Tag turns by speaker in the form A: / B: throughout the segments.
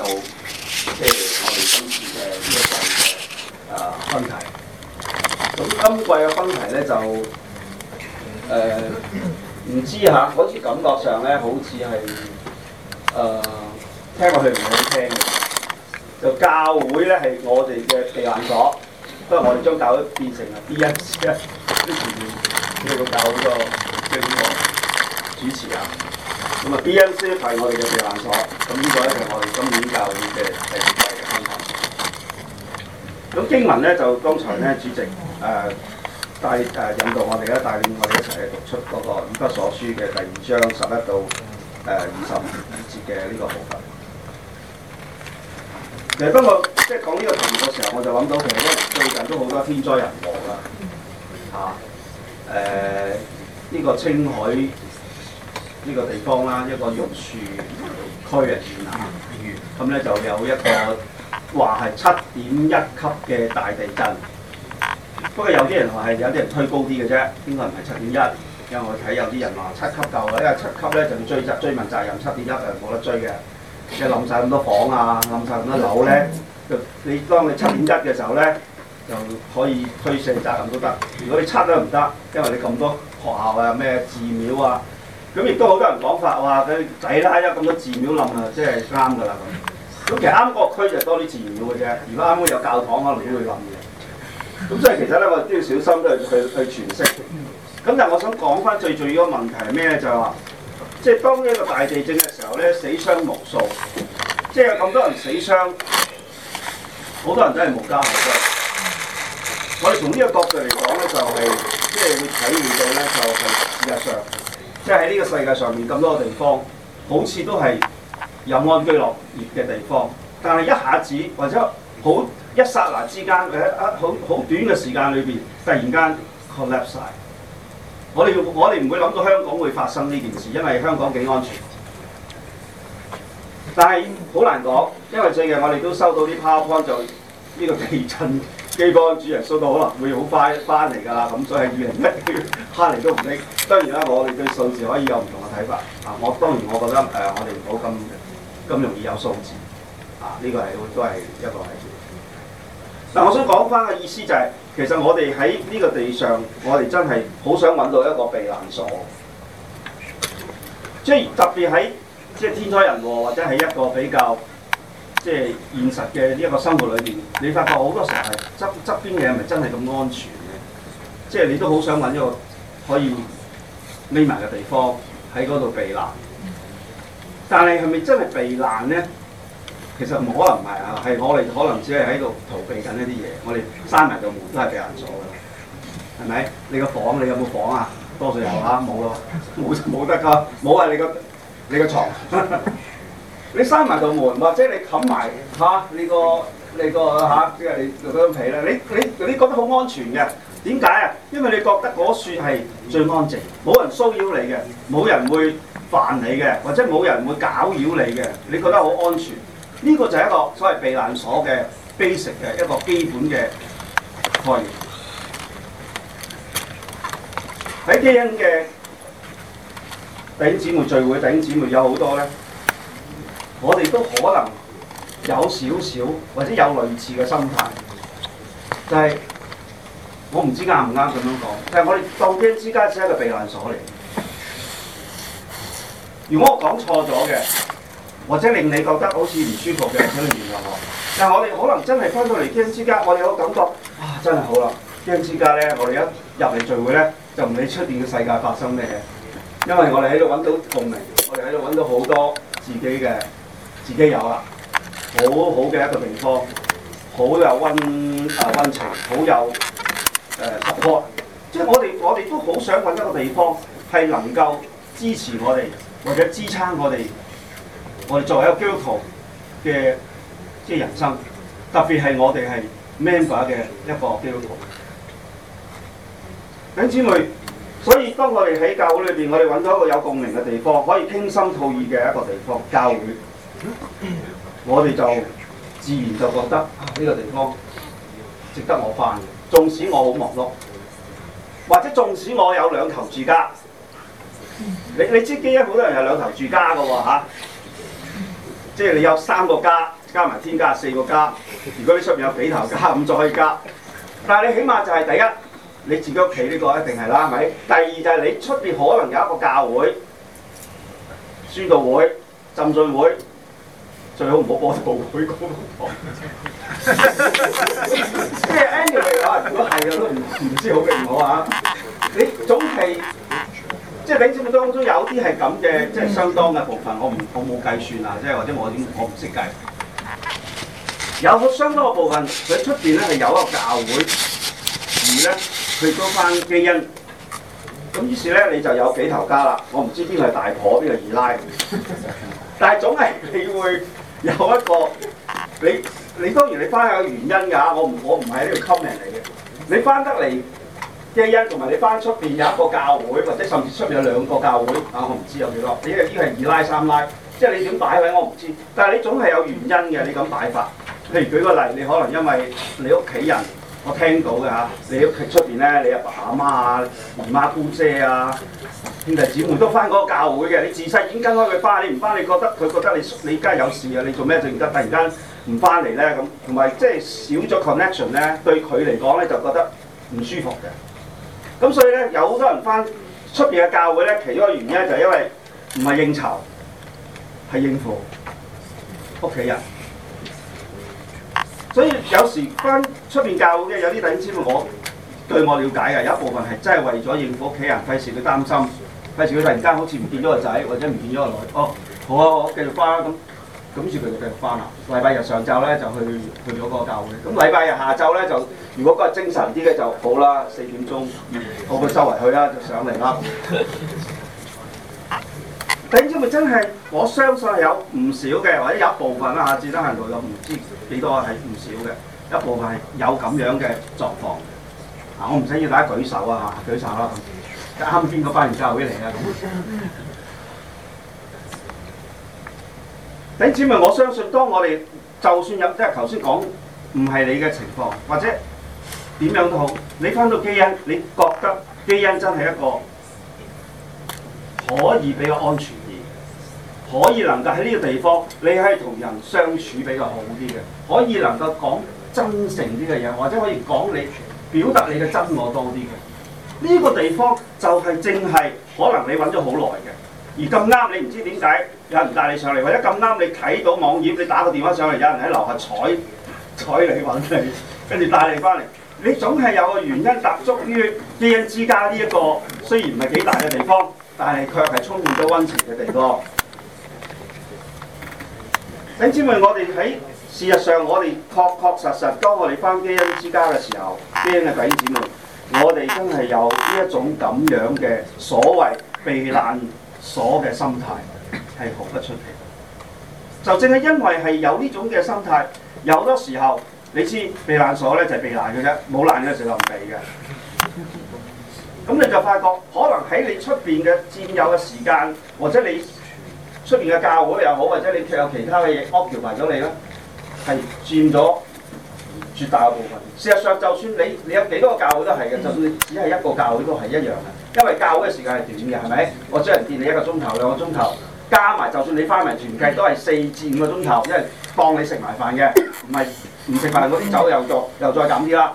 A: 到即係我哋今次嘅呢一季嘅誒分題，咁今季嘅分題咧就誒唔、呃、知吓，好似感覺上咧好似係誒聽落去唔係好聽嘅。就教會咧係我哋嘅避難所，不過我哋將教會變成 B S 啊，呢個教會個叫做主持啊。咁啊，BNC 係我哋嘅避難所，咁呢個咧就係我哋今年教會嘅誒誒安排。咁經 文咧就剛才咧主席誒帶誒引導我哋咧帶領我哋一齊咧讀出嗰個《以弗所書》嘅第二章十一到誒二十五節嘅呢個部分。其實不過即係講呢個題目嘅時候，我就諗到其實咧最近都好多天災人禍啦，嚇誒呢個青海，呢個地方啦，一個玉樹區啊，縣下咁咧就有一個話係七點一級嘅大地震。不過有啲人話，係有啲人推高啲嘅啫，應該唔係七點一，因為我睇有啲人話七級夠啦，因為七級咧就要追責追問責任，七點一係冇得追嘅。即係冧曬咁多房啊，冧晒咁多樓咧，就你當你七點一嘅時候咧，就可以推卸責任都得。如果你七都唔得，因為你咁多學校啊、咩寺廟啊。咁亦都好多人講法，話，佢抵啦，有咁多寺廟冧啊，即係啱噶啦咁。咁其實啱個區就多啲寺廟嘅啫，如果啱好有教堂可能都會冧嘅。咁所以其實咧，我都要小心去去去詮釋。咁但係我想講翻最，最重要嘅問題係咩咧？就係話，即係當呢個大地震嘅時候咧，死傷無數，即係有咁多人死傷，好多人都係無家可歸。我哋從呢個角度嚟講咧，就係即係會體現到咧，就係事實上。即係喺呢個世界上面咁多個地方，好似都係有安居樂業嘅地方，但係一下子或者好一剎那之間，佢喺一好好短嘅時間裏邊，突然間 collapse 曬。我哋我哋唔會諗到香港會發生呢件事，因為香港幾安全。但係好難講，因為最近我哋都收到啲 PowerPoint 就呢個地震。機方主人收到可能會好快翻嚟㗎啦，咁、嗯、所以係二零一零嚟都唔識。當然啦，我哋對數字可以有唔同嘅睇法。啊，我當然我覺得誒、呃，我哋唔好咁咁容易有數字。啊，呢、這個係都係一個係。嗱、啊，我想講翻嘅意思就係、是，其實我哋喺呢個地上，我哋真係好想搵到一個避難所。即係特別喺即係天災人禍，或者係一個比較。即係現實嘅呢一個生活裏邊，你發覺好多時候係側側邊嘅嘢係咪真係咁安全嘅？即係你都好想搵一個可以匿埋嘅地方喺嗰度避難，但係係咪真係避難咧？其實唔可能唔係啊，係我哋可能只係喺度逃避緊一啲嘢。我哋閂埋個門都係避難所㗎，係咪？你個房你有冇房啊？多數有啦，冇咯，冇冇得㗎，冇啊！你個你個牀。 你閂埋道門，或者你冚埋嚇你個你個嚇，即係你嗰張被咧。你、啊、你你，你覺得好安全嘅？點解啊？因為你覺得嗰處係最安靜，冇人騷擾你嘅，冇人會煩你嘅，或者冇人會搞擾你嘅。你覺得好安全。呢、呢個就係一個所謂避難所嘅 basic 嘅一個基本嘅概念。喺基恩嘅弟兄姊妹聚會，弟兄姊妹有好多咧。我哋都可能有少少，或者有類似嘅心態，就係、是、我唔知啱唔啱咁樣講，但係我哋到基恩之家只係一個避難所嚟。如果我講錯咗嘅，或者令你覺得好似唔舒服嘅，請你原諒我。但係我哋可能真係翻到嚟基恩之家，我哋個感覺，哇！真係好啦，基恩之家咧，我哋一入嚟聚會咧，就唔理出邊嘅世界發生咩嘢，因為我哋喺度揾到共鳴，我哋喺度揾到好多自己嘅。自己有啦，好好嘅一個地方，好有溫啊溫情，好有誒 support。即係我哋，我哋都好想揾一個地方係能夠支持我哋，或者支撐我哋。我哋作為一個基督徒嘅即係人生，特別係我哋係 member 嘅一個基督徒。弟兄、嗯、姊妹，所以當我哋喺教會裏邊，我哋揾到一個有共鳴嘅地方，可以傾心吐意嘅一個地方，教會。我哋就自然就覺得呢、啊這個地方值得我返嘅，縱使我好忙碌，或者縱使我有兩頭住家，你你知基恩好多人有兩頭住家噶吓、啊，即係你有三個家加埋天家四個家，如果你出邊有幾頭家咁再加，但係你起碼就係第一，你自己屋企呢個一定係啦，係咪？第二就係你出邊可能有一個教會、宣道會、浸信會。最好唔好播到佢嗰即係 Anyway 話，如果係嘅都唔唔知好定唔好啊！ 你總係即係領目當中有啲係咁嘅，即係相當嘅部分，我唔我冇計算啊，即係或者我點我唔識計。 有相當嘅部分喺出邊咧係有一個教會，而咧佢都返基恩，咁於是咧你就有幾頭家啦。我唔知邊個係大婆，邊個二奶，但係總係你會。有一個你你當然你翻有原因㗎，我唔我唔係呢度溝人嚟嘅。你翻得嚟，即係同埋你翻出邊有一個教會，或者甚至出邊有兩個教會，啊我唔知有幾多。呢、這個啲係、這個、二奶三奶，即係你點擺位我唔知，但係你總係有原因嘅你咁擺法。譬如舉個例，你可能因為你屋企人。我聽到嘅嚇，你屋企出邊咧？你阿爸阿媽啊、姨媽姑姐啊、兄弟姊妹都翻嗰個教會嘅。你自細已經跟開佢翻，你唔翻，你覺得佢覺得你而家有事啊？你做咩就唔得？突然間唔翻嚟咧咁，同埋即係少咗 connection 咧，對佢嚟講咧就覺得唔舒服嘅。咁所以咧，有好多人翻出邊嘅教會咧，其中一個原因就係因為唔係應酬，係應付屋企人。所以有時翻出面教會嘅有啲弟兄姊妹我對我了解嘅有一部分係真係為咗應付屋企人，費事佢擔心，費事佢突然間好似唔見咗個仔或者唔見咗個女。哦，好啊，我、啊、繼續翻啦。咁咁住佢就繼續翻啦。禮拜日上晝咧就去去咗個教會。咁禮拜日下晝咧就，如果嗰日精神啲嘅就好啦，四點鐘我會周圍去啦，就上嚟啦。弟兄姊妹咪真係，我相信有唔少嘅，或者有一部分啦下次多係內有唔知。幾多啊？係唔少嘅，一部分係有咁樣嘅狀況。嗱、啊，我唔使要大家舉手啊，舉手啦。啱邊個班人加入嚟啊？咁、啊，啲姊妹，我相信當我哋就算有，即係頭先講唔係你嘅情況，或者點樣都好，你返到基恩，你覺得基恩真係一個可以比較安全。可以能夠喺呢個地方，你係同人相處比較好啲嘅，可以能夠講真誠啲嘅嘢，或者可以講你表達你嘅真我多啲嘅。呢、這個地方就係、是、正係可能你揾咗好耐嘅，而咁啱你唔知點解有人帶你上嚟，或者咁啱你睇到網頁，你打個電話上嚟，有人喺樓下採採你揾你，跟住帶你翻嚟。你總係有個原因踏足於基恩之家呢、這、一個雖然唔係幾大嘅地方，但係卻係充滿咗溫情嘅地方。弟兄姊妹，我哋喺事實上，我哋確確實實當我哋返基恩之家嘅時候，基恩嘅弟兄姊妹，我哋真係有呢一種咁樣嘅所謂避難所嘅心態，係毫不出奇。就正係因為係有呢種嘅心態，有好多時候，你知避難所咧就係避難嘅啫，冇難嘅時候唔避嘅。咁你就發覺，可能喺你出邊嘅佔有嘅時間，或者你。出面嘅教會又好，或者你有其他嘅嘢安橋埋咗你咧，係佔咗絕大部分。事實上，就算你你有幾多個教會都係嘅，就算你只係一個教會都係一樣嘅，因為教會嘅時間係短嘅，係咪？我只能見你一個鐘頭兩個鐘頭，加埋就算你翻埋團計都係四至五個鐘頭，因為當你食埋飯嘅，唔係唔食飯嗰啲走又做又再減啲啦。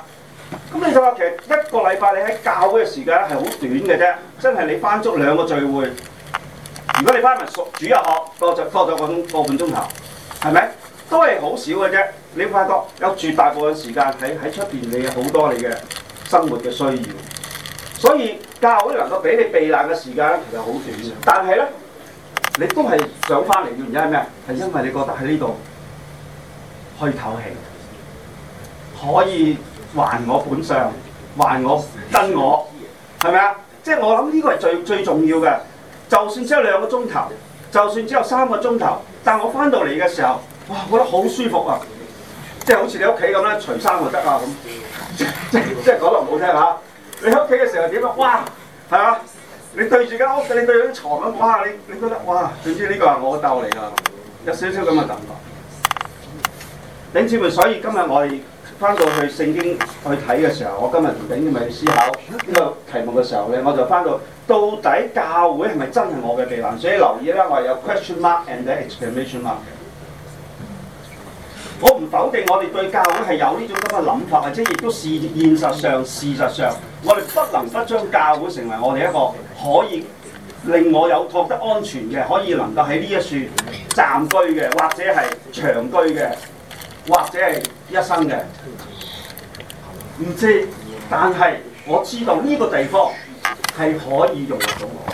A: 咁你就話其實一個禮拜你喺教會嘅時間係好短嘅啫，真係你翻足兩個聚會。如果你翻嚟主日學，多咗多咗個鐘個半鐘頭，係咪？都係好少嘅啫。你會發覺有絕大部分時間喺喺出邊，你有好多你嘅生活嘅需要，所以教會都能夠俾你避難嘅時間其實好短嘅。但係咧，你都係想翻嚟嘅原因係咩？係因為你覺得喺呢度可以透氣，可以還我本相，還我真我，係咪啊？即係我諗呢個係最最重要嘅。就算只有兩個鐘頭，就算只有三個鐘頭，但我翻到嚟嘅時候，哇，覺得好舒服啊！即係好似你屋企咁咧，除衫就得啊咁，即係即係講得唔好聽嚇、啊。你喺屋企嘅時候點啊？哇，係啊，你對住間屋，你對住啲床啊。哇！你你覺得哇？總之呢個係我鬥嚟㗎，有少少咁嘅感覺。弟兄們，所以今日我哋翻到去聖經去睇嘅時候，我今日唔緊要咪思考呢個題目嘅時候咧，我就翻到。到底教會係咪真係我嘅避難所？所以留意啦，我有 question mark and exclamation mark。我唔否定我哋對教會係有呢種咁嘅諗法，或者亦都事現實上、事實上，我哋不能不將教會成為我哋一個可以令我有覺得安全嘅，可以能夠喺呢一處暫居嘅，或者係長居嘅，或者係一生嘅。唔知，但係我知道呢個地方。係可以用到我。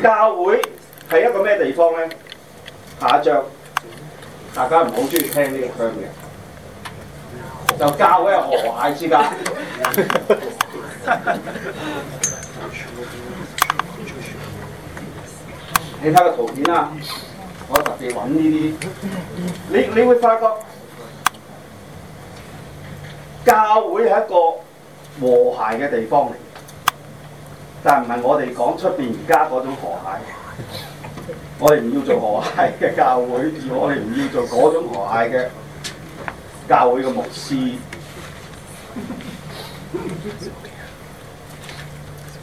A: 教會係一個咩地方咧？下一張，大家唔好中意聽呢個腔嘅，就教會係河蟹之家。 你睇個圖片啦，我特別揾呢啲。你你會發覺教會係一個。和諧嘅地方嚟，但係唔係我哋講出邊而家嗰種和諧。我哋唔要做和諧嘅教會，而我哋唔要做嗰種和諧嘅教會嘅牧師。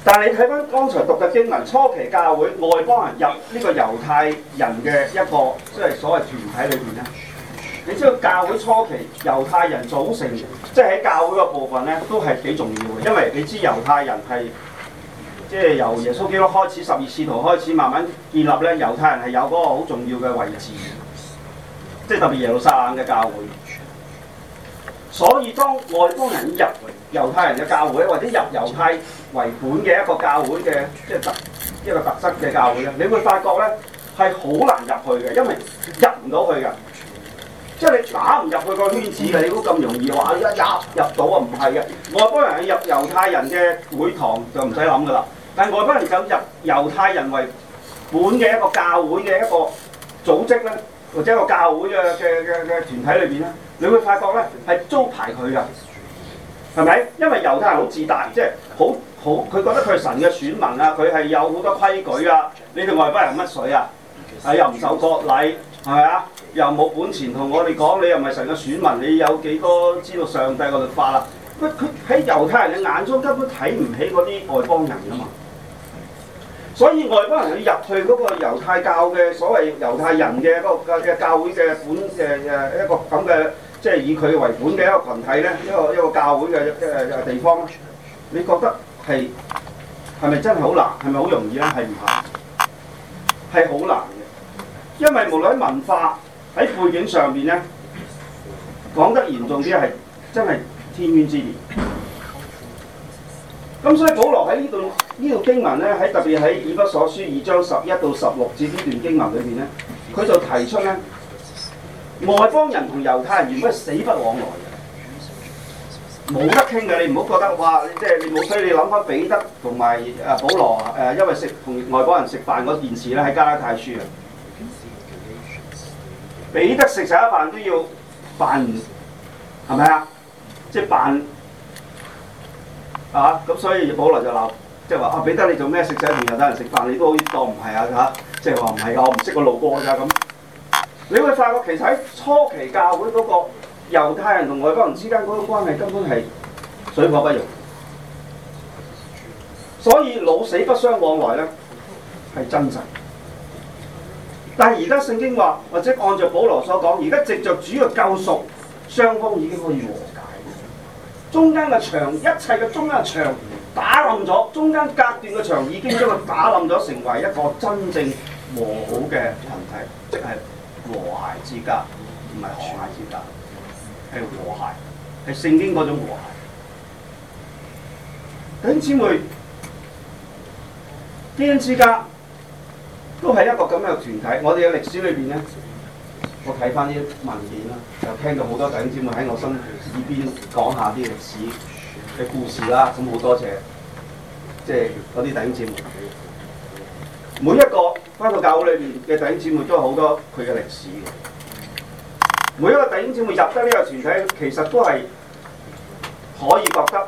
A: 但係你睇翻剛才讀嘅經文，初期教會外邦人入呢個猶太人嘅一個即係、就是、所謂團體裡面。你知道教會初期猶太人組成，即係喺教會個部分咧，都係幾重要嘅。因為你知猶太人係即係由耶穌基督開始，十二使徒開始慢慢建立咧，猶太人係有嗰個好重要嘅位置，即係特別耶路撒冷嘅教會。所以當外邦人入猶太人嘅教會，或者入猶太為本嘅一個教會嘅，即係特一個特色嘅教會咧，你會發覺咧係好難入去嘅，因為入唔到去嘅。即係你打唔入佢個圈子嘅，你估咁容易話一入入到啊？唔係嘅，外邦人入猶太人嘅會堂就唔使諗噶啦。但係外邦人走入猶太人為本嘅一個教會嘅一個組織咧，或者一個教會嘅嘅嘅嘅團體裏邊咧，你會發覺咧係租排佢嘅，係咪？因為猶太人好自大，即係好好佢覺得佢係神嘅選民啊，佢係有好多規矩啊。你哋外邦人係乜水啊？啊又唔守國禮，係咪啊？又冇本錢，同我哋講，你又唔係成個選民，你有幾多知道上帝嘅律法啦，啊？乜佢喺猶太人嘅眼中根本睇唔起嗰啲外邦人啊嘛！所以外邦人要入去嗰個猶太教嘅所謂猶太人嘅個嘅教會嘅本嘅嘅一個咁嘅即係以佢為本嘅一個群體咧，一個一個教會嘅誒地方，你覺得係係咪真係好難？係咪好容易咧？係唔係？係好難嘅，因為無論文化。喺背景上邊咧，講得嚴重啲係真係天淵之別。咁所以保羅喺呢度呢段經文咧，喺特別喺《以弗所書》二章十一到十六節呢段經文裏邊咧，佢就提出咧，外邦人同猶太人原本係死不往來嘅，冇得傾嘅。你唔好覺得哇，即係你冇需要你諗翻彼得同埋啊保羅誒、呃，因為食同外邦人食飯嗰件事咧，喺加拉太書啊。彼得食晒一飯都要扮，係咪、就是、啊？即係扮嚇咁，所以保羅就鬧，即係話啊彼得你做咩食晒面又等人食飯，你都好似當唔係啊嚇！即係話唔係啊，就是、我唔識個路過㗎咁、啊。你會發覺其實喺初期教會嗰個猶太人同外邦人之間嗰個關係根本係水火不容，所以老死不相往來咧係真實。但係而家聖經話，或者按照保羅所講，而家藉著主嘅救贖，雙方已經可以和解。中間嘅牆，一切嘅中間嘅牆打冧咗，中間隔斷嘅牆已經將佢打冧咗，成為一個真正和好嘅羣體，即係和諧之家，唔係和解之家，係和諧，係聖經嗰種和諧。弟兄 姊妹，天之家。都係一個咁樣嘅團體，我哋嘅歷史裏邊咧，我睇翻啲文件啦，又聽到好多弟兄姊妹喺我身邊講下啲歷史嘅故事啦，咁好多謝，即係嗰啲弟兄姊妹。每一個翻到教會裏面嘅弟兄姊妹都有好多佢嘅歷史嘅，每一個弟兄姊妹入得呢個團體，其實都係可以覺得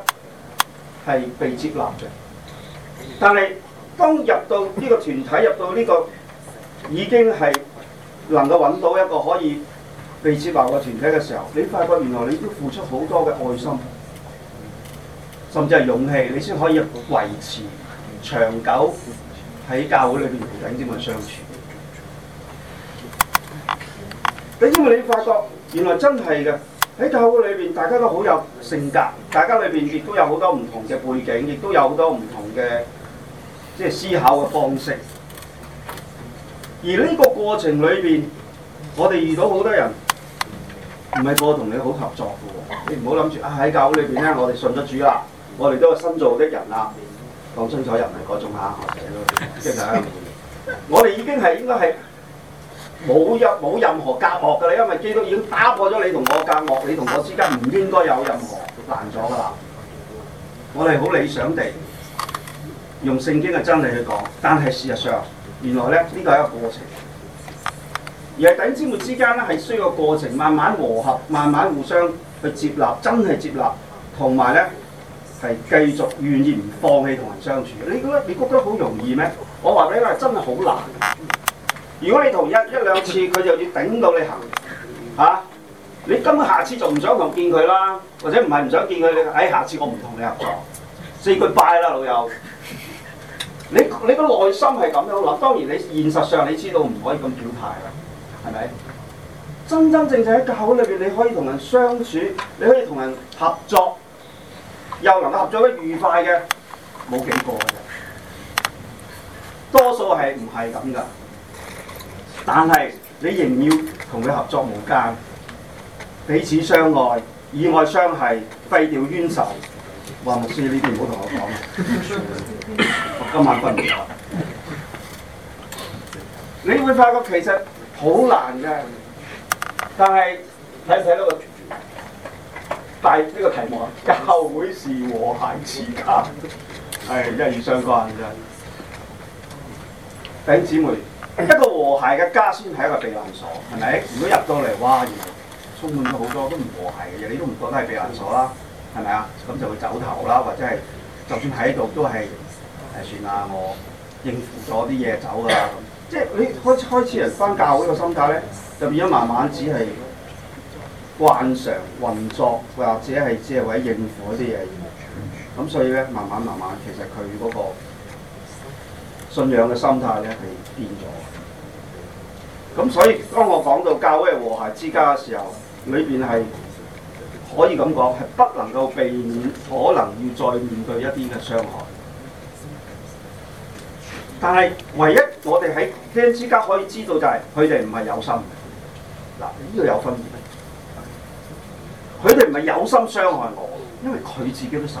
A: 係被接納嘅，但係，當入到呢個團體，入到呢個已經係能夠揾到一個可以被接納嘅團體嘅時候，你發覺原來你都付出好多嘅愛心，甚至係勇氣，你先可以維持長久喺教會裏邊同弟兄們相處。你因為你發覺原來真係嘅喺教會裏邊，大家都好有性格，大家裏邊亦都有好多唔同嘅背景，亦都有好多唔同嘅。即係思考嘅方式，而呢個過程裏邊，我哋遇到好多人唔係我同你好合作㗎喎，你唔好諗住啊喺教會裏邊咧，我哋信咗主啦，我哋都係新造的人啦，講清楚又唔係嗰種嚇，
B: 即係
A: 我哋已經係應該係冇任冇任何隔膜㗎啦，因為基督已經打破咗你同我隔膜，你同我之間唔應該有任何爛咗㗎啦，我哋好理想地。用聖經嘅真理去講，但係事實上原來咧呢個係一個過程，而係弟兄姊妹之間咧係需要個過程，慢慢磨合，慢慢互相去接納，真係接納，同埋咧係繼續願意唔放棄同人相處。你覺得你覺得好容易咩？我話俾你聽，真係好難。如果你同一一兩次佢就要頂到你行嚇、啊，你今次下次就唔想同見佢啦，或者唔係唔想見佢，你、哎、誒下次我唔同你合作。四句拜啦，老友。你你個內心係咁樣諗，當然你現實上你知道唔可以咁表態啦，係咪？真真正正喺教會裏邊，你可以同人相處，你可以同人合作，又能夠合作得愉快嘅，冇幾個嘅，多數係唔係咁噶。但係你仍要同佢合作無間，彼此相愛，以愛相係，廢掉冤仇。話牧師呢邊唔好同我講。 今晚瞓唔著，你會發覺其實好難嘅。但係睇唔睇到個，但係呢個題目啊，教會是和諧之家，係一語相關嘅。頂姊妹，一個和諧嘅家先係一個避難所，係咪？如果入到嚟，哇，充滿咗好多都唔和諧嘅嘢，你都唔覺得係避難所啦，係咪啊？咁就會走頭啦，或者係就算喺度都係。誒算啦，我應付咗啲嘢走噶啦。即係你開開始人返教會嘅心態咧，就變咗慢慢只係慣常運作，或者係只係為應付一啲嘢。咁所以咧，慢慢慢慢，其實佢嗰個信仰嘅心態咧係變咗。咁所以當我講到教會係和諧之家嘅時候，裏邊係可以咁講，係不能夠避免可能要再面對一啲嘅傷害。但係，唯一我哋喺基恩之家可以知道就係，佢哋唔係有心嘅。嗱，呢個有分別。佢哋唔係有心傷害我，因為佢自己都受咗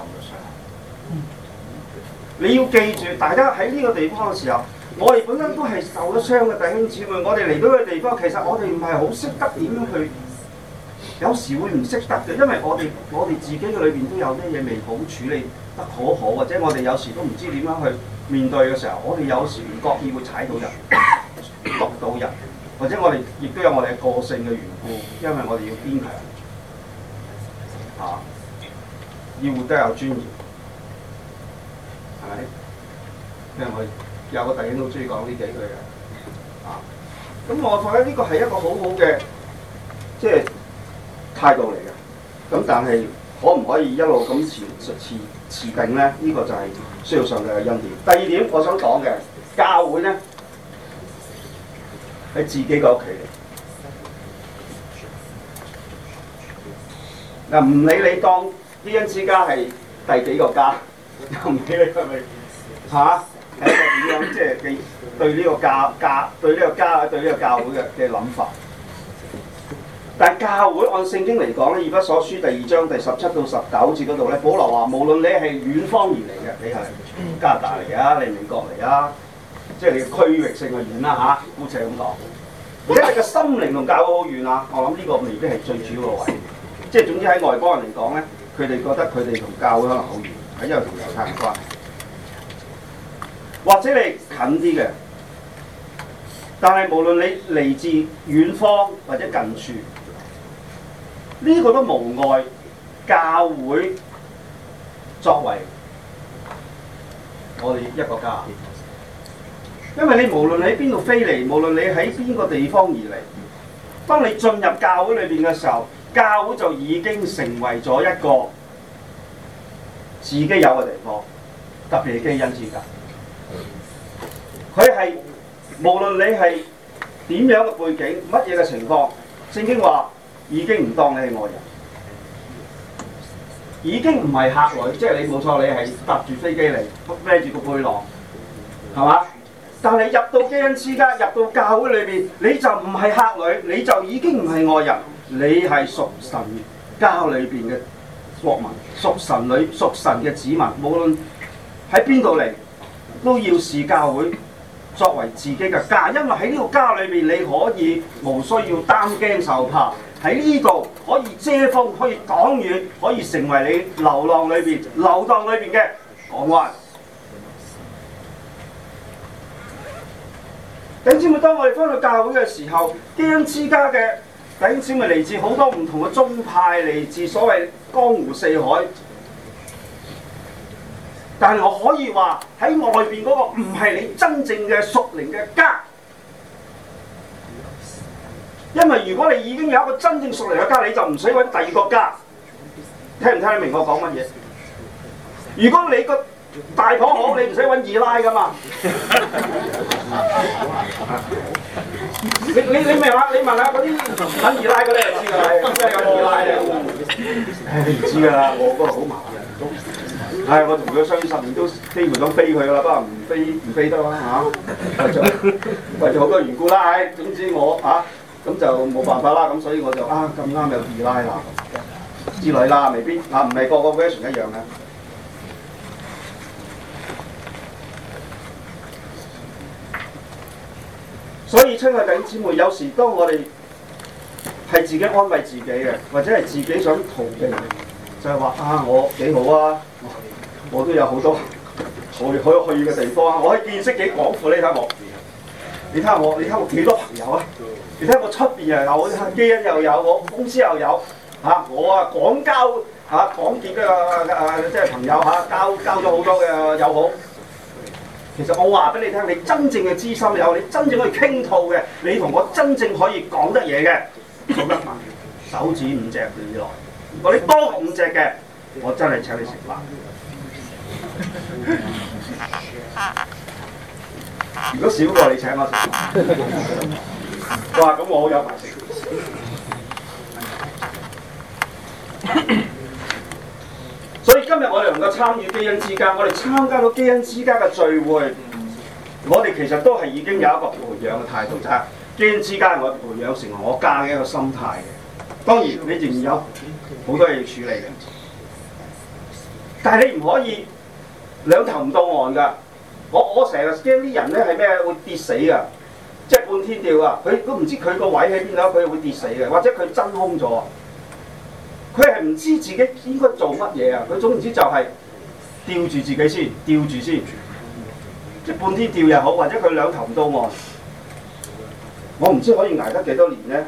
A: 傷。你要記住，大家喺呢個地方嘅時候，我哋本身都係受咗傷嘅弟兄姊妹。我哋嚟到嘅地方，其實我哋唔係好識得點樣去。有時會唔識得嘅，因為我哋我哋自己嘅裏邊都有啲嘢未好處理得可可，或者我哋有時都唔知點樣去。面對嘅時候，我哋有時唔覺意會踩到人、落到人，或者我哋亦都有我哋個性嘅緣故，因為我哋要堅強，嚇、啊，要活得有尊嚴，係咪？因為我有個弟兄都中意講呢幾句嘅，啊，咁我覺得呢個係一個好好嘅即係態度嚟嘅。咁但係。可唔可以一路咁持持持定咧？呢、這個就係需要上嘅恩典。第二點，我想講嘅教會咧喺自己個屋企嚟。嗱，唔理你當呢家之家係第幾個家，又唔理你係咪嚇？喺個點樣即係對對呢個家家對呢個家，家對呢個，個教會嘅嘅諗法。但教會按聖經嚟講咧，以弗所書第二章第十七到十九節嗰度咧，保羅話：無論你係遠方而嚟嘅，你係加拿大嚟啊，你美國嚟啊，即係你區域性嘅遠啦嚇，姑且咁講。而且你嘅心靈同教會好遠啊！我諗呢個未必係最主要嘅位，即係總之喺外邦人嚟講咧，佢哋覺得佢哋同教會可能好遠，係因為同猶太人關。或者你近啲嘅，但係無論你嚟自遠方或者近處。呢個都無礙教會作為我哋一個家，因為你無論你喺邊度飛嚟，無論你喺邊個地方而嚟，當你進入教會裏邊嘅時候，教會就已經成為咗一個自己有嘅地方，特別係基恩之家。佢係無論你係點樣嘅背景，乜嘢嘅情況，聖經話，已經唔當你係外人，已經唔係客旅。即係你冇錯，你係搭住飛機嚟孭住個背囊，係嘛？但係你入到基恩之家，入到教會裏邊，你就唔係客旅，你就已經唔係外人，你係屬神家裏邊嘅國民，屬神女，屬神嘅子民，無論喺邊度嚟，都要視教會作為自己嘅家，因為喺呢個家裏邊，你可以無需要擔驚受怕。喺呢度可以遮風，可以擋雨，可以成為你流浪裏面流蕩裏邊嘅港灣。頂子咪當我哋返到教會嘅時候，基恩之家嘅頂子咪嚟自好多唔同嘅宗派，嚟自所謂江湖四海。但我可以話喺外面嗰個唔係你真正嘅屬靈嘅家。因為如果你已經有一個真正熟嚟嘅家，你就唔使揾第二個家。聽唔聽得明我講乜嘢？如果你個大婆好，你唔使揾二奶㗎嘛。 你你你問下，你問下嗰啲揾二奶嗰啲
B: 人知唔 知真係有二奶啊！你唔
A: 知㗎啦，我嗰個好麻煩啊。係、哎，我同佢相處十年都幾乎都飛佢啦，不過唔飛唔飛得啦嚇、啊。為咗好多緣故啦，唉，總之我嚇。啊。咁就冇辦法啦，咁所以我就啊咁啱有二奶啦，之類啦，未必啊，唔係個個 version 一樣嘅。所以親愛弟兄姊妹，有時當我哋係自己安慰自己嘅，或者係自己想逃避，就係、是、話啊，我幾好啊，我，我都有好多好去去嘅地方，我可以見識幾廣闊咧。你睇我，你睇下我，你睇我，我幾多朋友啊？你睇我出面又有，基恩又有，我公司又有，嚇、啊、我啊廣交嚇廣結嘅啊啊，啊，啊即係朋友嚇、啊、交交咗好多嘅友好。其實我話俾你聽，你真正嘅知心有，你真正可以傾吐嘅，你同我真正可以講得嘢嘅，得唔得手指五隻以內，如果你多五隻嘅，我真係請你食飯。如果少過，你請我食飯。哇！咁我好有大食。 所以今日我哋能夠參與基恩之家，我哋參加到基恩之家嘅聚會，我哋其實都係已經有一個培養嘅態度，就係基恩之家，我培養成為我家嘅一個心態嘅。當然，你仍然有好多嘢要處理嘅，但係你唔可以兩頭唔到岸㗎。我我成日驚啲人咧，係咩會跌死㗎。半天吊啊！佢都唔知佢個位喺邊度，佢會跌死嘅，或者佢真空咗。佢係唔知自己應該做乜嘢啊！佢總唔知就係吊住自己先，吊住先。即係半天吊又好，或者佢兩頭唔到岸。我唔知可以捱得幾多年咧，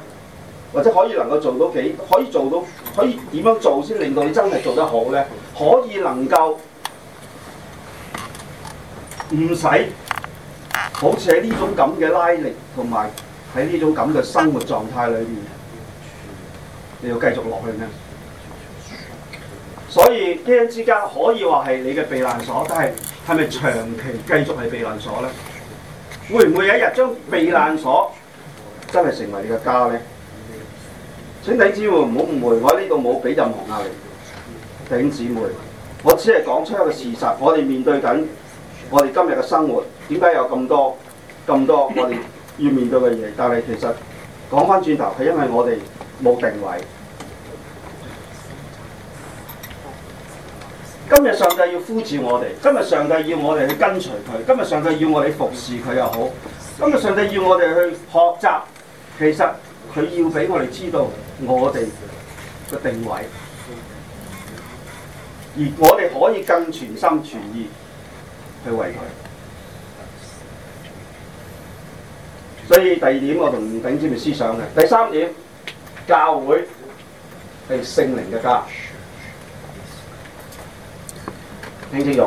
A: 或者可以能夠做到幾，可以做到，可以點樣做先令到你真係做得好咧？可以能夠唔使。好似喺呢種咁嘅拉力同埋喺呢種咁嘅生活狀態裏邊，你要繼續落去咩？所以基恩之家可以話係你嘅避難所，但係係咪長期繼續係避難所咧？會唔會有一日將避難所真係成為你嘅家咧？請弟姊妹，唔好誤會，我喺呢度冇俾任何壓力。請弟姊妹，我只係講出一個事實，我哋面對緊我哋今日嘅生活。點解有咁多咁 多我哋要面對嘅嘢？但係其實講返轉頭係因為我哋冇定位。今日上帝要呼召我哋，今日上帝要我哋去跟隨佢，今日上帝要我哋服侍佢又好，今日上帝要我哋去學習。其實佢要俾我哋知道我哋嘅定位，而我哋可以更全心全意去為佢。所以第二點，我同頂住呢樣思想嘅。第三點，教會係聖靈嘅家，聽清楚，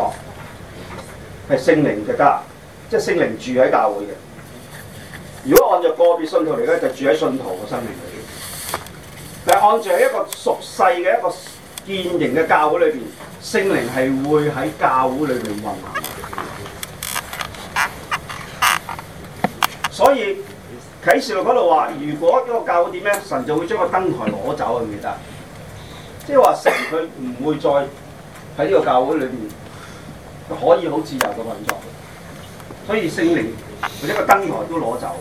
A: 係聖靈嘅家，即係聖靈住喺教會嘅。如果按照個別信徒嚟咧，就住喺信徒嘅生命裏邊。但係按照一個屬世嘅一個現形嘅教會裏邊，聖靈係會喺教會裏邊運行。所以啟示錄嗰度話，如果一個教會點咧，神就會將個燈台攞走，記唔記得？即係話神佢唔會再喺呢個教會裏邊，可以好自由嘅運作。所以聖靈佢將個燈台都攞走。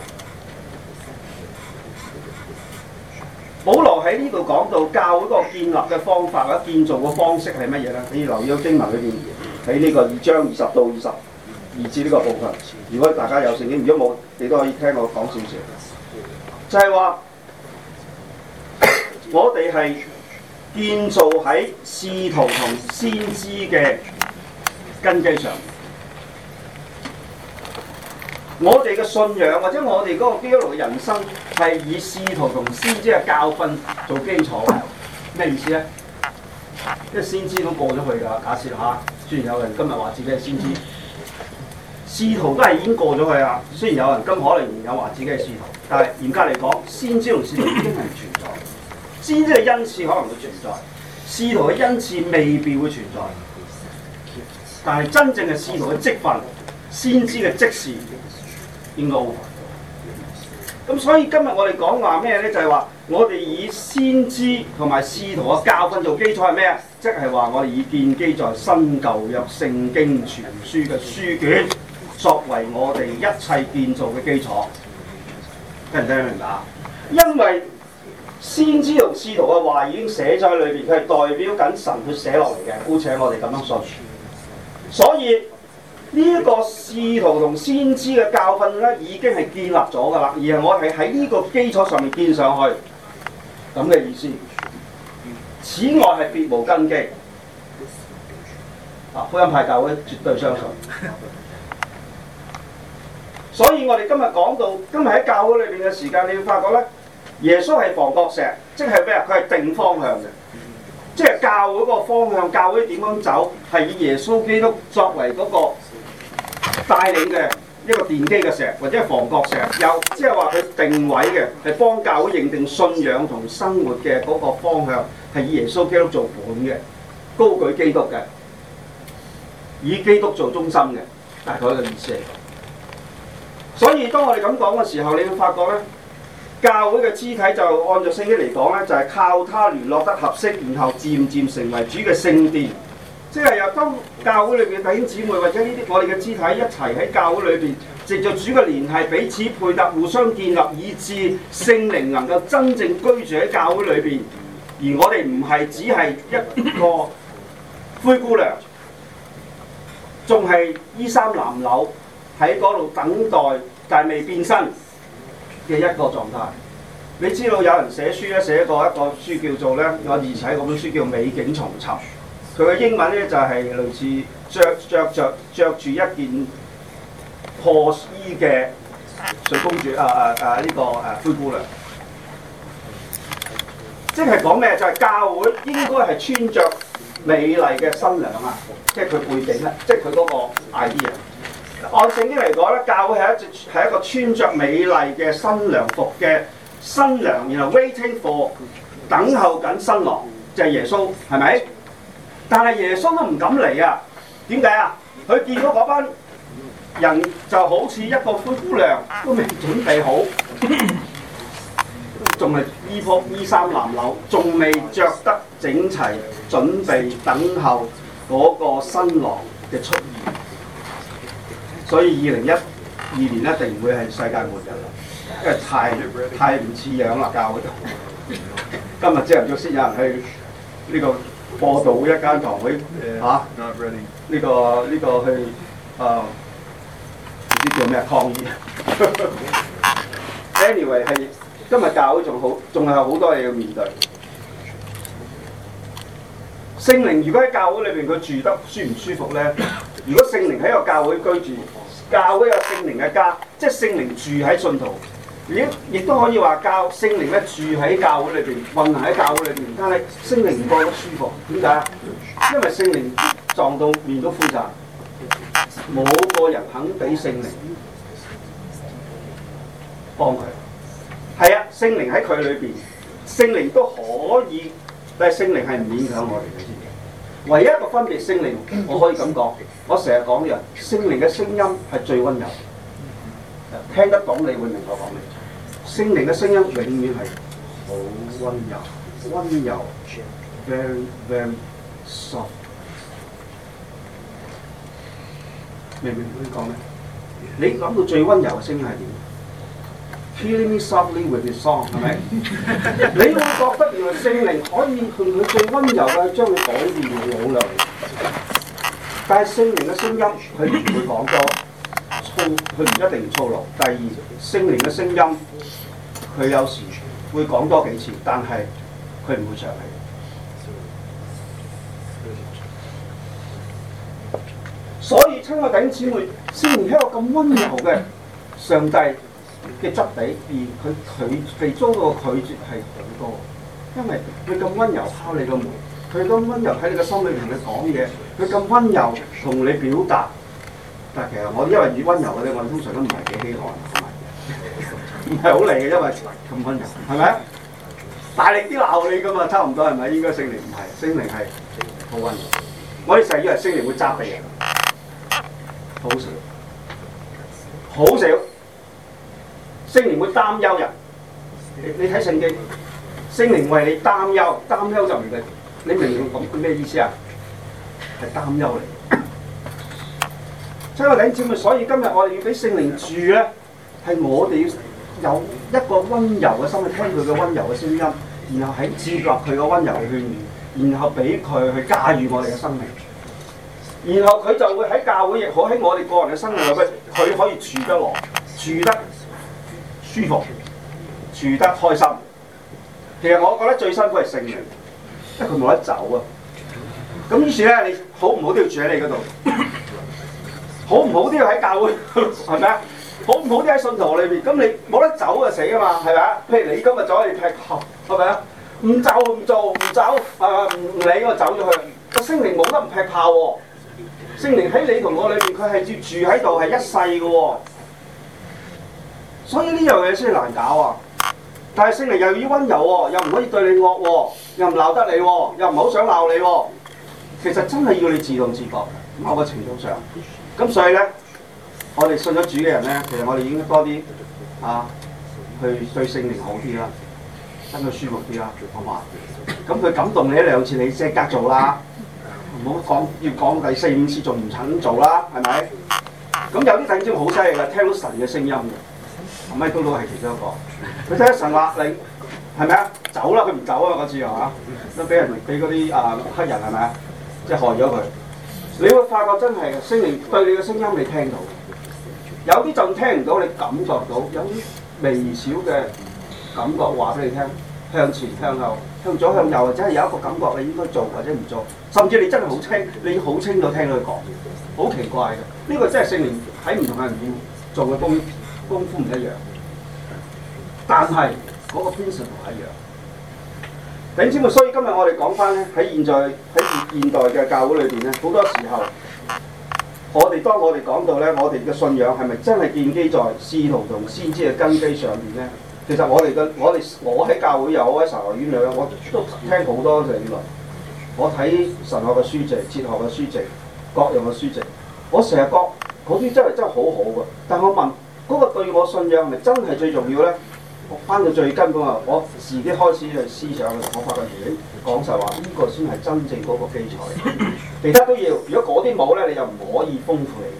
A: 保羅喺呢度講到教會個建立嘅方法，或者建造嘅方式係乜嘢咧？你留意到經文裏邊，喺呢個二章二十到二十。而至呢個部分，如果大家有信認，如果冇，你都可以聽我講少少。就係話，我哋係建造喺使徒同先知嘅根基上。我哋嘅信仰或者我哋嗰個基督徒嘅人生係以使徒同先知嘅教訓做基礎。咩意思咧？即係先知都過咗去㗎，假設下。雖然有人今日話自己係先知。使徒都係已經過咗去啊！雖然有人今可能有話自己係使徒，但係嚴格嚟講，先知同使徒已經係存在。先知嘅恩賜可能會存在，使徒嘅恩賜未必會存在。但係真正嘅使徒嘅職分，先知嘅即時應該好。咁所以今日我哋講話咩咧？就係、是、話我哋以先知同埋使徒嘅教訓做基礎係咩啊？即係話我哋以建基在新舊約聖經傳書嘅書卷。作為我哋一切建造嘅基礎，聽唔聽得明㗎？因為先知同使徒嘅話已經寫咗喺裏邊，佢係代表緊神去寫落嚟嘅，姑且我哋咁樣信。所以呢、這個使徒同先知嘅教訓咧，已經係建立咗㗎啦，而係我係喺呢個基礎上面建上去，咁嘅意思。此外係別無根基。啊，福音派教會絕對相信。所以我哋今日講到，今日喺教會裏邊嘅時間，你會發覺咧，耶穌係房角石，即係咩啊？佢係定方向嘅，即係教會嗰個方向，教會點樣走，係以耶穌基督作為嗰個帶領嘅一個奠基嘅石，或者房角石，又即係話佢定位嘅，係幫教會認定信仰同生活嘅嗰個方向，係以耶穌基督做本嘅，高舉基督嘅，以基督做中心嘅，大概嘅意思。所以當我哋咁講嘅時候，你會發覺咧，教會嘅肢體就按著聖經嚟講咧，就係、是、靠他聯絡得合適，然後漸漸成為主嘅聖殿，即係由都教會裏邊弟兄姊妹或者呢啲我哋嘅肢體一齊喺教會裏面，藉著主嘅聯繫彼此配搭，互相建立，以致聖靈能夠真正居住喺教會裏面。而我哋唔係只係一個灰姑娘，仲係衣衫襤褸。喺嗰度等待，但係未變身嘅一個狀態。你知道有人寫書咧，寫過一個書叫做咧，我以前嗰本書叫《美景重尋》，佢嘅英文咧就係、是、類似着著著著住一件破衣嘅水公主啊啊啊！呢、啊啊這個誒灰姑娘，即係講咩？就係、是、教會應該係穿著美麗嘅新娘啊，即係佢背景咧，即係佢嗰個 idea。按正經嚟講咧，教會係一隻係一個穿着美麗嘅新娘服嘅新娘，然後 waiting for 等候緊新郎，就係耶穌，係咪？但係耶穌都唔敢嚟啊！點解啊？佢見到嗰班人就好似一個灰姑娘，都未準備好，仲係衣服衣衫襤褸，仲未着得整齊，準備等候嗰個新郎嘅出現。所以二零一二年一定唔會係世界末日啦，因為太太唔似樣啦，教會 今有、這個啊 anyway。今日即係朝頭早先有人去呢個播道一間堂會嚇呢個呢個去唔知叫咩抗議。Anyway 係今日教會仲好，仲係好多嘢要面對。聖靈如果喺教會裏邊佢住得舒唔舒服咧？如果聖靈喺個教會居住，教會有聖靈嘅家，即係聖靈住喺信徒。亦亦都可以話教聖靈咧住喺教會裏邊，運行喺教會裏邊。但係聖靈唔過得舒服，點解？因為聖靈撞到面都負責，冇個人肯俾聖靈幫佢。係啊，聖靈喺佢裏邊，聖靈都可以，但係聖靈係唔勉強我哋嘅。唯一一個分別聖靈，我可以咁講，我成日講啲人聖靈嘅聲音係最温柔，聽得到你會明我講咩。聖靈嘅聲音永遠係好温柔，温柔。十，明唔明我講咩？你諗到最温柔嘅聲音係點？Killing me softly with his song，係咪？你會覺得原來聖靈可以佢佢最温柔嘅將佢改變好耐。但係聖靈嘅聲音，佢唔會講多粗，佢唔一定粗魯。第二，聖靈嘅聲音，佢有時會講多幾次，但係佢唔會長氣。所以親我弟兄姊妹，聖靈係一個咁温柔嘅上帝。嘅質地而佢拒肥豬嘅拒絕係好多，因為佢咁温柔敲你個門，佢咁温柔喺你個心裏面嘅講嘢，佢咁温柔同你表達，但係其實我因為以温柔嘅咧，我通常都唔係幾稀罕，唔係好嚟嘅，因為咁温柔係咪？大力啲鬧你噶嘛，差唔多係咪？應該聖靈唔係，聖靈係好温柔，我哋成日以為聖靈會揸鼻，好少，好少。聖靈會擔憂人，你睇聖經，聖靈為你擔憂，擔憂就唔明，你明唔明咁咩意思啊？係擔憂嚟。出個領子，所以今日我哋要俾聖靈住咧，係我哋要有一個温柔嘅心去聽佢嘅温柔嘅聲音，然後喺接納佢嘅温柔嘅勸言，然後俾佢去駕馭我哋嘅生命，然後佢就會喺教會亦好喺我哋個人嘅生命入邊，佢可以住得落，住得。舒服住得開心，其實我覺得最辛苦係聖靈，因為佢冇得走啊。咁於是咧，你好唔好都要住喺你嗰度， 好唔好都要喺教會，係咪啊？好唔好都要喺信徒裏邊。咁你冇得走啊，死啊嘛，係咪啊？譬如你今日走去劈炮，係咪、呃、啊？唔走、唔做唔走啊，唔理我走咗去，個聖靈冇得唔劈炮喎。聖靈喺你同我裏邊，佢係住住喺度，係一世嘅喎。所以呢樣嘢先係難搞啊！但係聖靈又要溫柔喎，又唔可以對你惡喎，又唔鬧得你喎，又唔好想鬧你喎。其實真係要你自動自覺，某、那個程度上。咁所以咧，我哋信咗主嘅人咧，其實我哋應該多啲啊，去對聖靈好啲啦，令佢舒服啲啦，好嘛？咁佢感動你一兩次，你即刻做啦，唔好講要講第四五次仲唔肯做啦，係咪？咁有啲弟兄好犀利噶，聽到神嘅聲音嘅。咪都魯係其中一個，佢即係一上話你，係咪啊？走啦！佢唔走啊！嗰次係嘛、啊？都俾人俾嗰啲啊黑人係咪啊？即係、就是、害咗佢。你會發覺真係聖靈對你嘅聲音你聽到，有啲就聽唔到，你感覺到，有啲微小嘅感覺話俾你聽。向前、向後、向左、向右，或者係有一個感覺，你應該做或者唔做。甚至你真係好清，你好清到聽到佢講，好奇怪嘅。呢、這個真係聖靈喺唔同嘅人要做嘅工。功夫唔一樣，但係嗰、那個精神唔一樣。頂尖，所以今日我哋講翻咧，喺現在喺現代嘅教會裏邊咧，好多時候我哋當我哋講到咧，我哋嘅信仰係咪真係建基在使徒同先知嘅根基上面咧？其實我哋嘅我哋我喺教會又好，喺神學院又好，我都聽好多理論，我睇神學嘅書籍、哲學嘅書籍、各樣嘅書籍，我成日覺得嗰啲真係真係好好㗎，但我問。嗰個對我信仰係咪真係最重要咧？我翻到最根本啊！我自己開始去思想，我發覺自己講實話，呢、呢個先係真正嗰個基礎，其他都要。如果嗰啲冇咧，你就唔可以豐富你。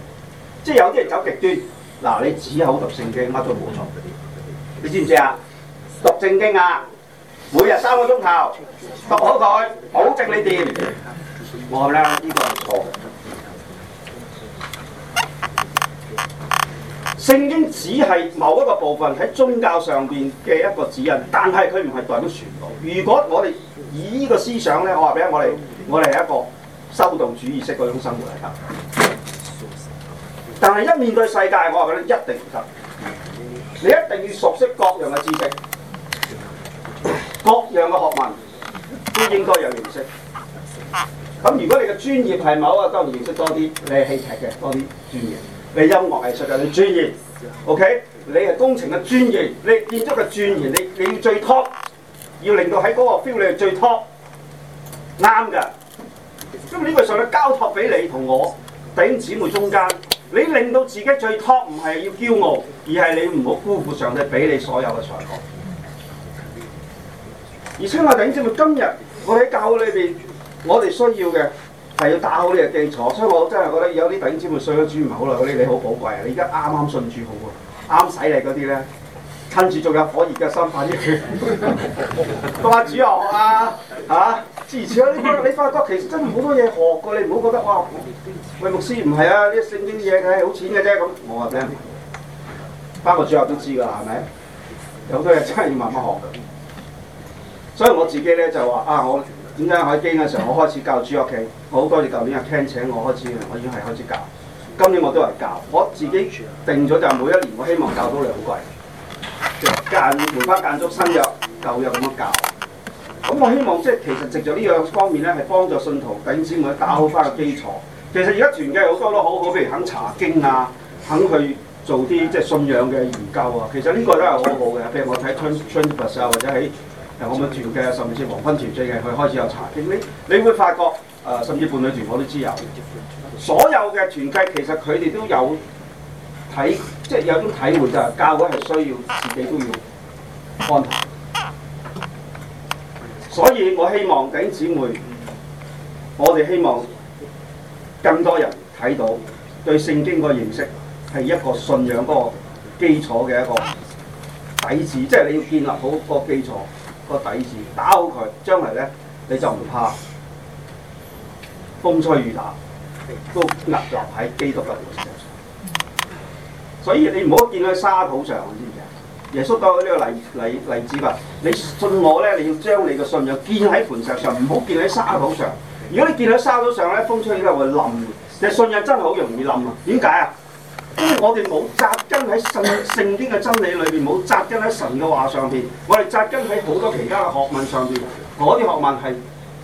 A: 即係有啲人走極端，嗱，你只好讀聖經乜都冇錯啲，你知唔知啊？讀聖經啊，每日三個鐘頭讀好佢，保證你掂。冇錯啦，呢個。聖經只係某一個部分喺宗教上邊嘅一個指引，但係佢唔係代表全部。如果我哋以呢個思想咧，我話俾我哋我哋係一個修道主義式嗰種生活係得，但係一面對世界，我話俾你，一定唔得。你一定要熟悉各樣嘅知識，各樣嘅學問都應該有認識。咁如果你嘅專業係某一個當然認識多啲，你係戲劇嘅多啲專業。你音樂藝術你專業，OK？你係工程嘅專業，你建築嘅專業，你你要最 top，要令到喺嗰個 feel 你係最 top，啱嘅。咁呢個上帝交託俾你同我頂姊妹中間，你令到自己最 top，唔係要驕傲，而係你唔好辜負上帝俾你所有嘅財富。而且頂我頂姊妹今日我喺教會裏面，我哋需要嘅。係要打好呢隻基礎，所以我真係覺得有啲弟兄姊妹信主唔係好耐嗰啲，你剛剛好寶貴 啊，啊，啊！你而家啱啱信主好喎，啱使你嗰啲咧，趁住仲有火熱嘅心態咧，讀下主學啊嚇！支持啊！你發覺其實真係好多嘢學過，你唔好覺得哇！喂，牧師唔係啊，呢啲聖經啲嘢係好淺嘅啫咁。我話俾你，包括主學都知㗎，係咪？有好多嘢真係要慢慢學咁。所以我自己咧就話啊，我。點解喺經嘅時候我開始教主屋企？我好多謝舊年阿 Ken 請我開始嘅，我已經係開始教。今年我都係教，我自己定咗就每一年我希望教多兩季，即係間梅花間竹新約舊約咁樣教。咁我希望即係其實藉著呢樣方面咧，係幫助信徒底子，我打好翻個基礎。其實而家團契好多都好好，譬如肯查經啊，肯去做啲即係信仰嘅研究啊。其實呢個都係好好嘅，譬如我睇 Twins Twins 啊，或者喺。我咪團契，甚至黃昏團最近佢開始有查經。你你會發覺，誒、呃、甚至伴侶團我都知有。所有嘅團契其實佢哋都有睇，即係有啲體會㗎。教會係需要自己都要安排。所以我希望弟兄姊妹，我哋希望更多人睇到對聖經個認識係一個信仰嗰、那個基礎嘅一個底子，即係你要建立好個基礎。個底子打好佢，將來咧你就唔怕風吹雨打，都屹立喺基督教嘅面前。所以你唔好建喺沙土上，你知唔知啊？耶穌講呢個例例例子話，你信我咧，你要將你嘅信仰建喺磐石上，唔好建喺沙土上。如果你建喺沙土上咧，風吹雨嚟會冧。其實信仰真係好容易冧啊！點解啊？因為我哋冇扎根喺聖聖經嘅真理裏邊，冇扎根喺神嘅話上邊。我哋扎根喺好多其他嘅學問上邊，嗰啲學問係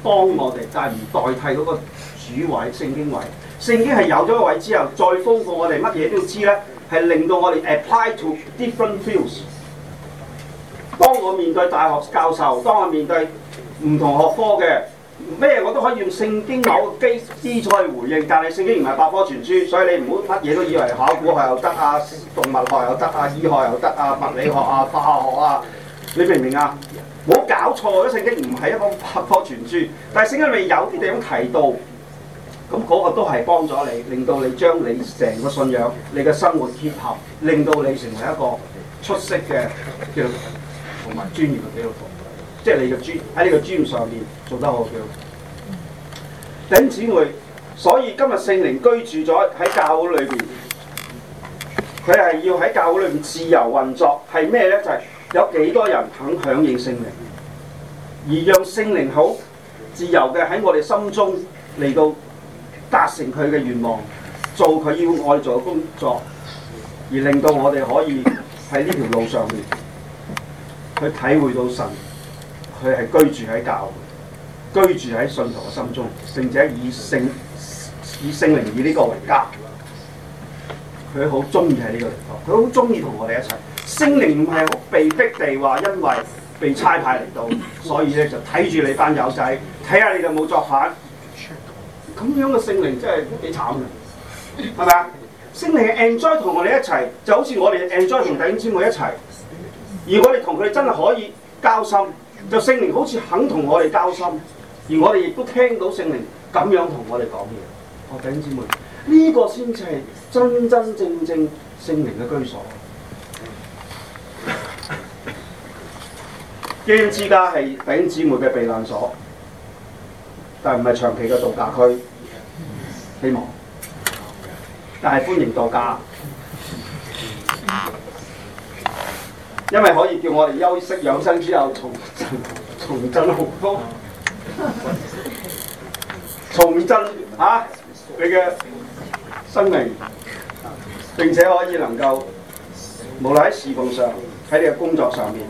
A: 幫我哋，但係唔代替嗰個主位聖經位。聖經係有咗個位之後，再豐富我哋乜嘢都要知咧，係令到我哋 apply to different fields。當我面對大學教授，當我面對唔同學科嘅。咩我都可以用聖經某基礎去回應，但係聖經唔係百科全書，所以你唔好乜嘢都以為考古學又得啊，動物學又得啊，醫學又得啊，物理學啊、化學啊，你明唔明啊？冇搞錯，聖經唔係一個百科全書，但係聖經裏有啲地方提到，咁、那、嗰個都係幫咗你，令到你將你成個信仰、你嘅生活結合，令到你成為一個出色嘅教同埋專業嘅基督徒。即係你個專喺你個專上面做得好嘅，頂錢佢。所以今日聖靈居住咗喺教會裏邊，佢係要喺教會裏邊自由運作。係咩咧？就係有幾多人肯響應聖靈，而讓聖靈好自由嘅喺我哋心中嚟到達成佢嘅願望，做佢要愛做嘅工作，而令到我哋可以喺呢條路上面去體會到神。佢係居住喺教會，居住喺信徒嘅心中，甚至以聖以聖靈以呢個為家，佢好中意喺呢個地方，佢好中意同我哋一齊。聖靈唔係好被逼地話，因為被差派嚟到，所以咧就睇住你班友仔，睇下你哋有冇作反。咁樣嘅聖靈真係幾慘嘅，係咪啊？聖靈 enjoy 同我哋一齊，就好似我哋 enjoy 同弟兄姊妹一齊。如果你同佢哋真係可以交心。就聖靈好似肯同我哋交心，而我哋亦都聽到聖靈咁樣同我哋講嘢。哦，弟兄姊妹，呢、這個先至係真真正正聖靈嘅居所。基恩之家係弟兄姊妹嘅避難所，但唔係長期嘅度假區。希望，但係歡迎度假。因為可以叫我哋休息養生，之後重振重振雄風，重振嚇你嘅生命，並且可以能夠無論喺事奉上，喺你嘅工作上面，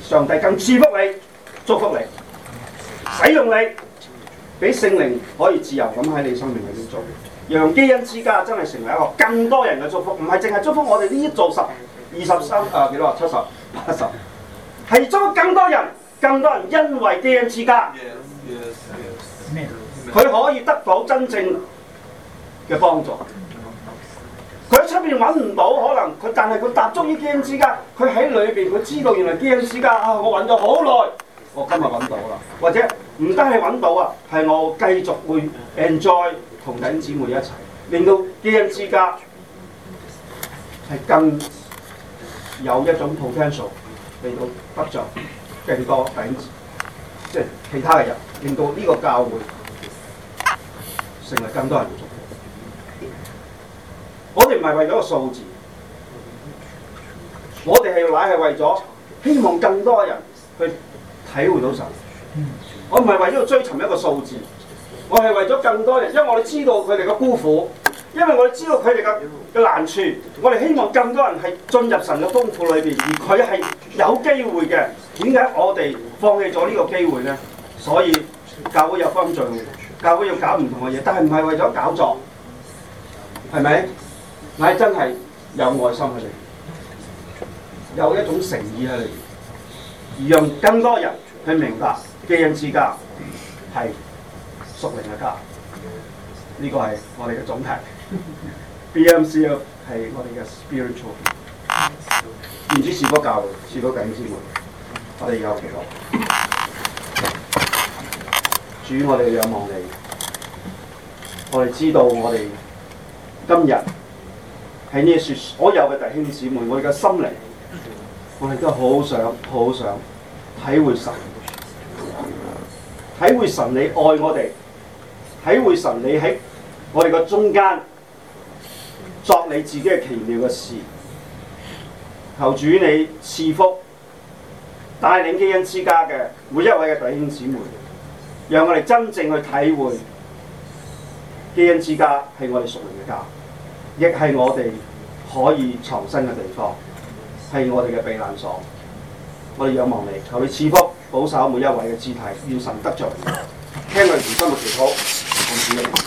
A: 上帝更祝福你，祝福你，使用你，俾聖靈可以自由咁喺你生命裏邊做，讓基恩之家真係成為一個更多人嘅祝福，唔係淨係祝福我哋呢一座十。二十三啊！幾多啊？七十、八十，係將更多人、更多人因為基恩之家，佢、yes, yes , yes. 可以得到真正嘅幫助。佢喺出邊揾唔到，可能佢，但係佢踏足於基恩之家，佢喺裏邊佢知道原來基恩之家啊，我揾咗好耐，我今日揾到啦。或者唔單係揾到啊，係我繼續會 enjoy 同兄弟姊妹一齊，令到基恩之家係更。有一種 potential，嚟到得着更多餅，即係其他嘅人，令到呢個教會成為更多人嘅祝福。我哋唔係為咗個數字，我哋係乃係為咗希望更多人去體會到神。我唔係為咗追尋一個數字，我係為咗更多人，因為我哋知道佢哋嘅孤苦。因為我們知道佢哋嘅嘅難處，我哋希望更多人係進入神嘅豐富裏面，而佢係有機會嘅。點解我哋放棄咗呢個機會呢？所以教會有幫助，教會要搞唔同嘅嘢，但係唔係為咗搞作，係咪？咪真係有愛心喺裏面，有一種誠意喺裏面，而讓更多人去明白基恩之家係屬靈嘅家。呢、這個係我哋嘅總題。B M C U 係我哋嘅 spiritual，唔知是否教會，是否弟兄姊妹，我哋有祈多主，我哋仰望你，我哋知道我哋今日喺呢一說，所有嘅弟兄姊妹，我哋嘅心靈，我哋都好想、好想體會神，體會神你愛我哋，體會神你喺我哋嘅中間。作你自己嘅奇妙嘅事，求主你賜福帶領基恩之家嘅每一位嘅弟兄姊妹，讓我哋真正去體會基恩之家係我哋屬靈嘅家，亦係我哋可以藏身嘅地方，係我哋嘅避難所。我哋仰望你，求你賜福保守每一位嘅肢體，願神得着你聽我哋同心嘅祈禱，奉主